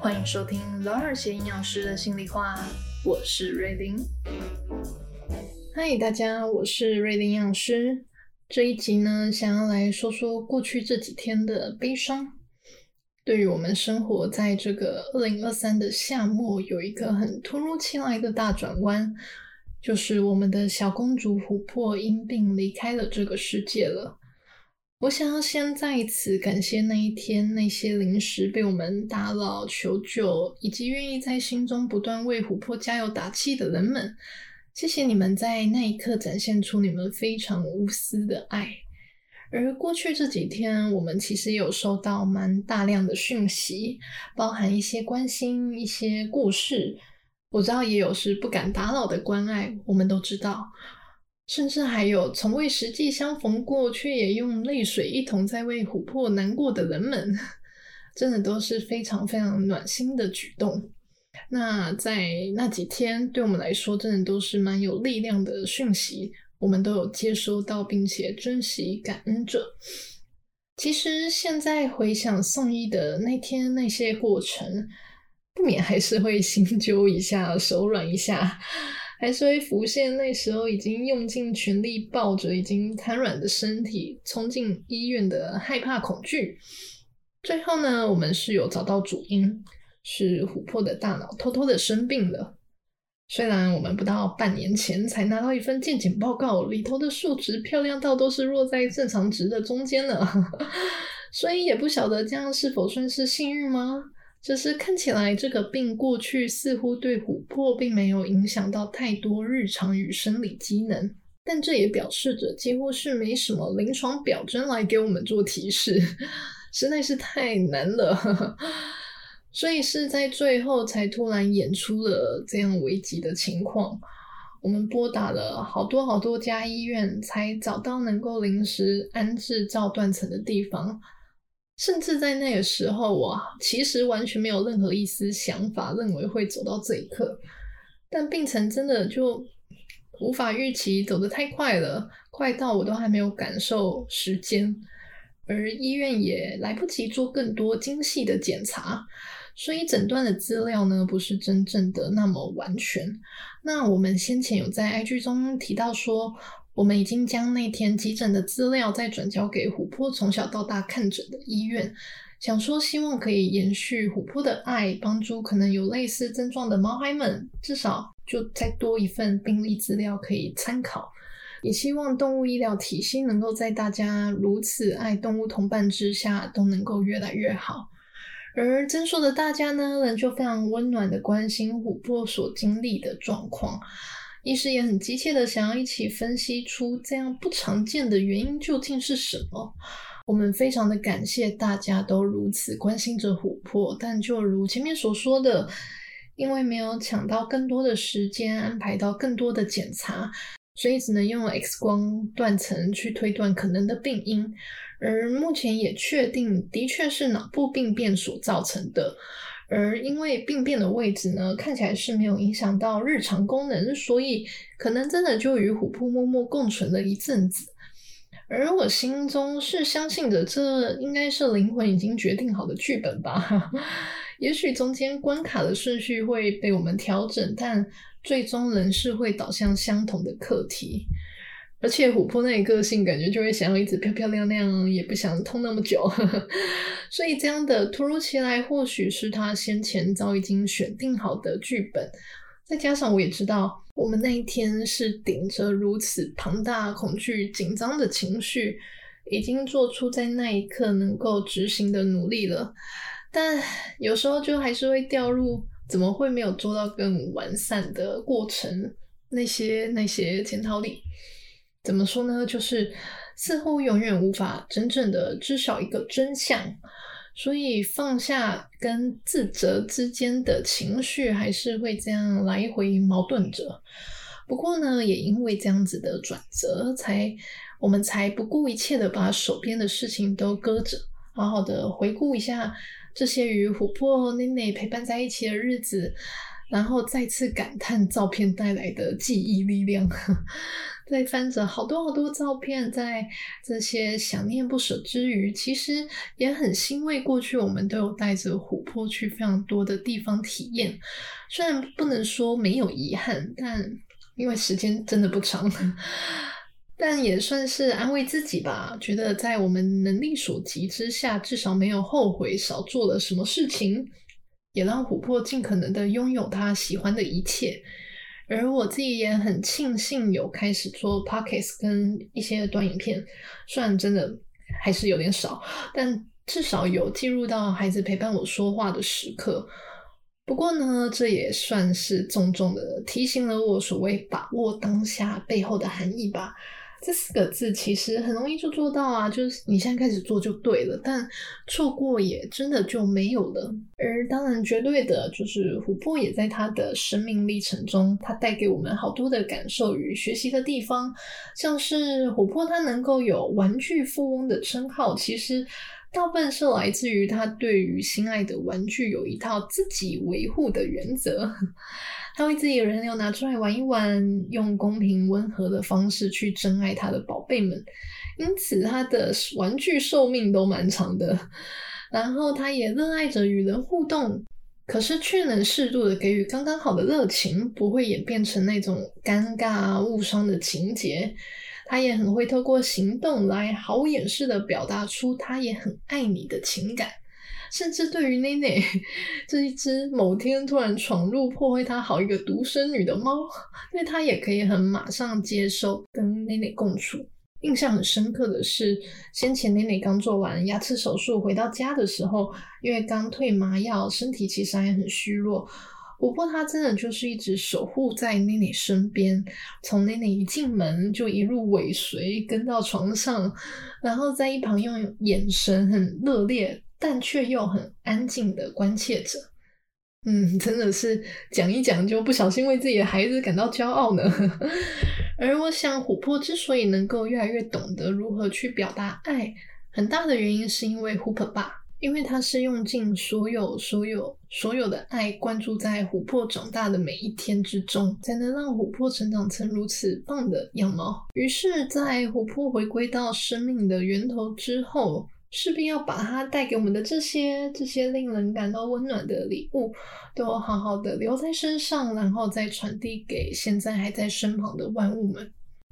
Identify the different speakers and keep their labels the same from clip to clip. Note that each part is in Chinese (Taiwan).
Speaker 1: 歡迎收聽 Lar 些話營養師的心裡話，我是瑞玲。嗨，大家，我是瑞玲營養師。這一集呢，想要來說說過去這幾天的悲傷。對於我們生活在這個二零二三的夏末，有一個很突如其來的大轉彎，就是我們的小公主琥珀因病離開了這個世界了。我想要先再一次感謝那一天那些臨時被我們打擾求救，以及願意在心中不斷為琥珀加油打氣的人們。謝謝你們在那一刻展現出你們非常無私的愛。而過去這幾天，我們其實也有收到蠻大量的訊息，包含一些關心、一些故事。我知道也有時不敢打擾的關愛，我們都知道。甚至還有從未實際相逢過，卻也用淚水一同在為琥珀難過的人們，真的都是非常非常暖心的舉動。那在那幾天，對我們來說，真的都是蠻有力量的訊息，我們都有接收到，並且珍惜感恩者。其實現在回想送醫的那天那些過程，不免還是會心揪一下，手軟一下。還是會浮現那時候已經用盡全力抱着已經癱軟的身體衝進醫院的害怕恐懼。最後呢，我們是有找到主因，是琥珀的大腦偷偷的生病了。雖然我們不到半年前才拿到一份健檢報告，裡頭的數值漂亮到都是落在正常值的中間了，呵呵，所以也不曉得這樣是否算是幸運嗎？只是看起來，這個病過去似乎對琥珀並沒有影響到太多日常與生理機能，但這也表示着幾乎是沒什麼臨床表徵來給我們做提示，實在是太難了。 所以是在最後才突然演出了這樣危急的情況。我們撥打了好多好多家醫院，才找到能夠臨時安置照斷層的地方。甚至在那個時候，我其實完全沒有任何一絲想法，認為會走到這一刻。但病程真的就無法預期，走得太快了，快到我都還沒有感受時間，而醫院也來不及做更多精細的檢查，所以診斷的資料呢，不是真正的那麼完全。那我們先前有在 IG 中提到說。我們已經將那天急診的資料再轉交給琥珀從小到大看診的醫院，想說希望可以延續琥珀的愛，幫助可能有類似症狀的毛孩們，至少就再多一份病歷資料可以參考。也希望動物醫療體系能夠在大家如此愛動物同伴之下，都能夠越來越好。而曾說的大家呢，仍舊非常溫暖的關心琥珀所經歷的狀況。醫師也很急切的想要一起分析出這樣不常見的原因究竟是什麼。我們非常的感謝大家都如此關心着琥珀，但就如前面所說的，因為沒有搶到更多的時間安排到更多的檢查，所以只能用 X 光斷層去推斷可能的病因，而目前也確定的確是腦部病變所造成的。而因為病變的位置呢，看起來是沒有影響到日常功能，所以可能真的就與琥珀默默共存了一陣子。而我心中是相信著，這應該是靈魂已經決定好的劇本吧。 也許中間關卡的順序會被我們調整，但最終仍是會導向相同的課題。而且琥珀那個，個性感覺就會想要一直漂漂亮亮，也不想痛那麼久。 所以這樣的突如其來，或許是他先前早已經選定好的劇本，再加上我也知道，我們那一天是頂着如此龐大、恐懼、緊張的情緒，已經做出在那一刻能夠執行的努力了。但有時候就還是會掉入，怎麼會沒有做到更完善的過程？那些那些潛逃裡，怎麼說呢？就是。似乎永遠無法真正的知曉一個真相，所以放下跟自責之間的情緒還是會這樣來回矛盾着。不過呢，也因為這樣子的轉折，才我們才不顧一切的把手邊的事情都擱着，好好的回顧一下這些與琥珀和內內陪伴在一起的日子。然後再次感嘆照片帶來的記憶力量，再 翻着好多好多照片，在這些想念不捨之餘，其實也很欣慰，過去我們都有帶着琥珀去非常多的地方體驗，雖然不能說沒有遺憾，但因為時間真的不長， 但也算是安慰自己吧，覺得在我們能力所及之下，至少沒有後悔少做了什麼事情。也讓琥珀盡可能的擁有他喜歡的一切，而我自己也很慶幸有開始做 Podcast 跟一些短影片，雖然真的還是有點少，但至少有記錄到孩子陪伴我說話的時刻。不過呢，這也算是重重的提醒了我所謂把握當下背後的含義吧。這四個字其實很容易就做到啊，就是你現在開始做就對了，但錯過也真的就沒有了。而當然，絕對的就是琥珀也在他的生命歷程中，他帶給我們好多的感受與學習的地方，像是琥珀他能夠有玩具富翁的稱號，其實大部分是來自於他對於心愛的玩具有一套自己維護的原則。他會自己輪流拿出來玩一玩，用公平溫和的方式去珍愛他的寶貝們，因此他的玩具壽命都蠻長的。然後他也熱愛着與人互動，可是卻能適度的給予剛剛好的熱情，不會演變成那種尷尬啊誤傷的情節。他也很會透過行動來毫無掩飾的表達出他也很愛你的情感。甚至對於奈奈這一隻某天突然闖入破壞她好一個獨生女的貓，因為它也可以很馬上接受跟奈奈共處。印象很深刻的是，先前奈奈剛做完牙齒手術回到家的時候，因為剛退麻藥，身體其實還很虛弱。不過它真的就是一直守護在奈奈身邊，從奈奈一進門就一路尾隨，跟到床上，然後在一旁用眼神很熱烈。但卻又很安靜的關切着，嗯，真的是講一講就不小心為自己的孩子感到驕傲呢。 而我想，琥珀之所以能夠越來越懂得如何去表達愛，很大的原因是因為琥珀爸，因為他是用盡所有、所有、所有的愛，灌注在琥珀長大的每一天之中，才能讓琥珀成長成如此棒的樣貌。於是，在琥珀回歸到生命的源頭之後。勢必要把它帶給我們的這些、這些令人感到溫暖的禮物，都好好的留在身上，然後再傳遞給現在還在身旁的萬物們。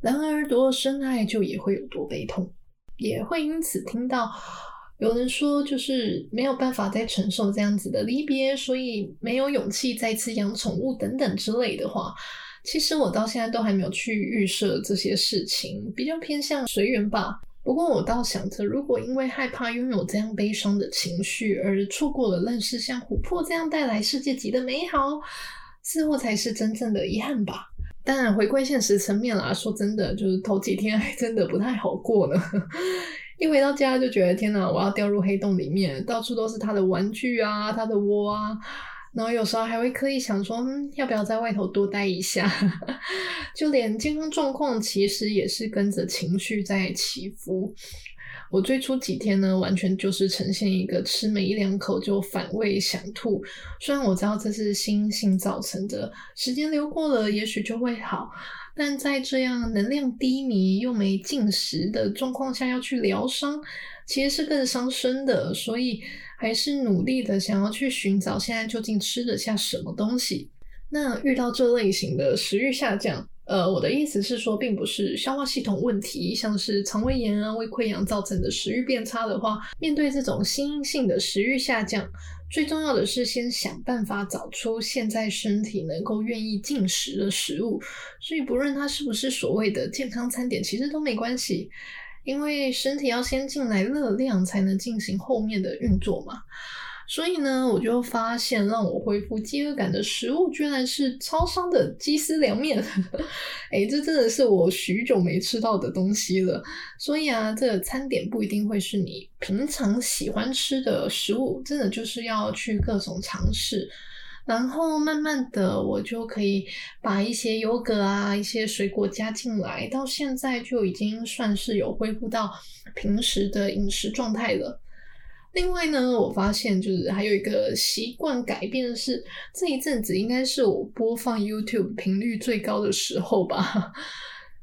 Speaker 1: 然而，多深愛就也會有多悲痛，也會因此聽到有人說，就是沒有辦法再承受這樣子的離別，所以沒有勇氣再次養寵物等等之類的話。其實我到現在都還沒有去預設這些事情，比較偏向隨緣吧。不過我倒想着，如果因為害怕擁有這樣悲傷的情緒而錯過了認識像琥珀這樣帶來世界級的美好，似乎才是真正的遺憾吧。當然，回歸現實層面啦，說真的，就是頭幾天還真的不太好過呢。 一回到家就覺得天吶，我要掉入黑洞裡面，到處都是他的玩具啊，他的窩啊。然後有時候還會刻意想說，嗯，要不要在外頭多待一下？ 就連健康狀況其實也是跟着情緒在起伏。我最初幾天呢，完全就是呈現一個吃沒一兩口就反胃想吐，雖然我知道這是心性造成的，時間流過了也許就會好，但在這樣能量低迷又沒進食的狀況下要去療傷，其實是更傷身的，所以。還是努力的想要去尋找現在究竟吃得下什麼東西。那遇到這類型的食慾下降，呃，我的意思是說，並不是消化系統問題，像是腸胃炎啊、胃潰瘍造成的食慾變差的話，面對這種心因性的食慾下降，最重要的是先想辦法找出現在身體能夠願意進食的食物。所以，不論它是不是所謂的健康餐點，其實都沒關係。因為身體要先進來熱量才能進行後面的運作嘛，所以呢，我就發現讓我恢復飢餓感的食物居然是超商的雞絲涼麵，誒、 欸、這真的是我許久沒吃到的東西了。所以啊，這個、餐點不一定會是你平常喜歡吃的食物，真的就是要去各種嘗試。然後慢慢的，我就可以把一些優格啊，一些水果加進來，到現在就已經算是有恢復到平時的飲食狀態了。另外呢，我發現就是還有一個習慣改變是，這一陣子應該是我播放 YouTube 頻率最高的時候吧，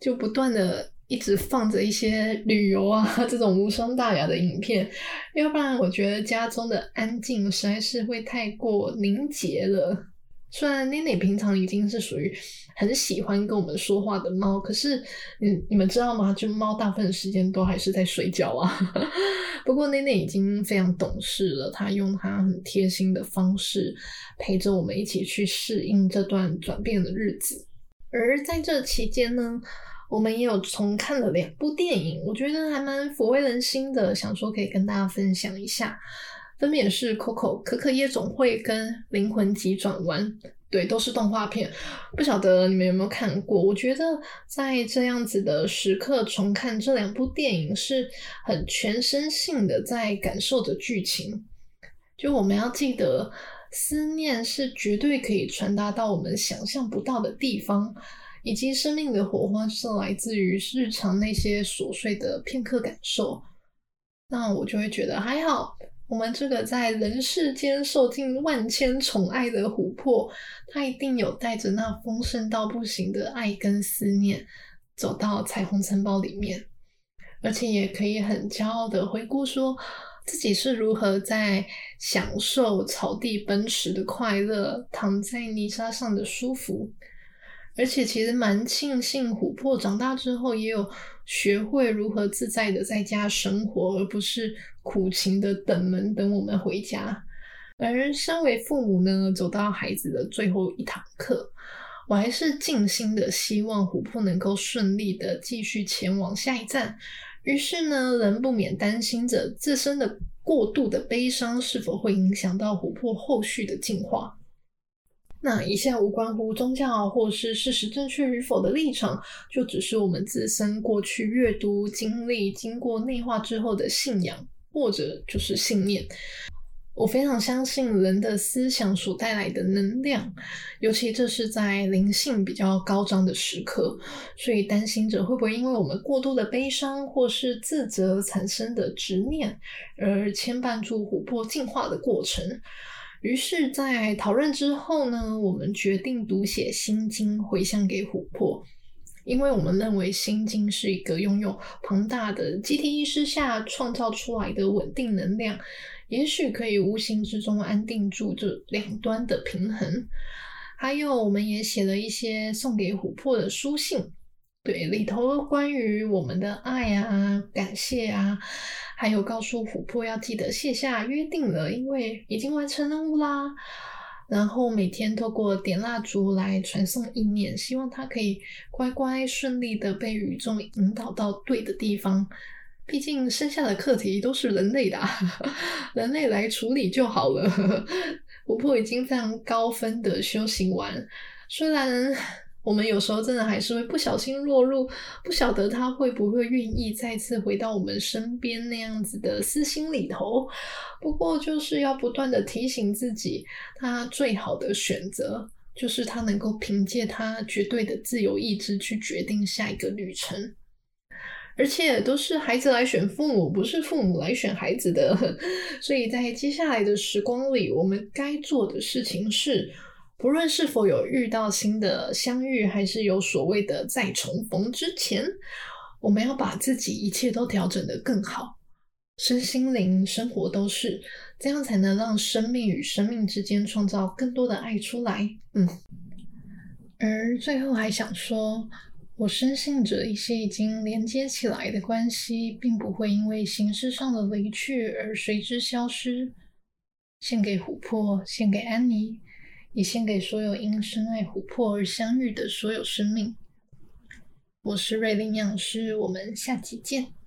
Speaker 1: 就不斷的。一直放着一些旅遊啊，這種無傷大雅的影片，要不然我覺得家中的安靜實在是會太過凝結了。雖然妮妮平常已經是屬於很喜歡跟我們說話的貓，可是你你們知道嗎？就貓大部分時間都還是在睡覺啊。 不過妮妮已經非常懂事了，她用她很貼心的方式陪着我們一起去適應這段轉變的日子。而在這期間呢，我們也有重看了兩部電影，我覺得還蠻撫慰人心的，想說可以跟大家分享一下，分別是《Coco》可可夜總會跟《靈魂急轉彎》，對，都是動畫片，不曉得你們有沒有看過？我覺得在這樣子的時刻重看這兩部電影，是很全身性的在感受着劇情。就我們要記得，思念是絕對可以傳達到我們想象不到的地方。以及生命的火花是來自於日常那些瑣碎的片刻感受，那我就會覺得還好。我們這個在人世間受盡萬千寵愛的琥珀，它一定有帶着那豐盛到不行的愛跟思念，走到彩虹城堡裡面，而且也可以很驕傲的回顧說，說自己是如何在享受草地奔馳的快樂，躺在泥沙上的舒服。而且其實蠻慶幸，琥珀長大之後也有學會如何自在的在家生活，而不是苦情的等門等我們回家。而身為父母呢，走到孩子的最後一堂課，我還是盡心的希望琥珀能夠順利的繼續前往下一站。於是呢，仍不免擔心着自身的過度的悲傷是否會影響到琥珀後續的進化。那以下無關乎宗教或是事實正確與否的立場，就只是我們自身過去閱讀經歷經過內化之後的信仰，或者就是信念。我非常相信人的思想所帶來的能量，尤其這是在靈性比較高漲的時刻，所以擔心著會不會因為我們過度的悲傷或是自責產生的執念，而牽絆住琥珀進化的過程。於是，在討論之後呢，我們決定讀寫心經回向給琥珀，因為我們認為心經是一個擁有龐大的集體意識下創造出來的穩定能量，也許可以無形之中安定住這兩端的平衡。還有，我們也寫了一些送給琥珀的書信，對裡頭關於我們的愛啊、感謝啊。還有告訴琥珀，要記得卸下約定了，因為已經完成任務啦。然後每天透過點蠟燭來傳送意念，希望它可以乖乖順利的被宇宙引導到對的地方。畢竟剩下的課題都是人類的，人類來處理就好了。琥珀已經非常高分的修行完，雖然。我們有時候真的還是會不小心落入，不曉得他會不會願意再次回到我們身邊那樣子的私心裡頭。不過就是要不斷的提醒自己，他最好的選擇就是他能夠憑借他絕對的自由意志去決定下一個旅程。而且都是孩子來選父母，不是父母來選孩子的。所以在接下來的時光裡，我們該做的事情是。不論是否有遇到新的相遇，還是有所謂的再重逢之前，我們要把自己一切都調整得更好，身心靈、生活都是，這樣才能讓生命與生命之間創造更多的愛出來。嗯，而最後還想說，我深信着一些已經連接起來的關係，並不會因為形式上的離去而隨之消失。獻給琥珀，獻給安妮。也獻給所有因深愛琥珀而相遇的所有生命。我是瑞林營養師，我們下期見。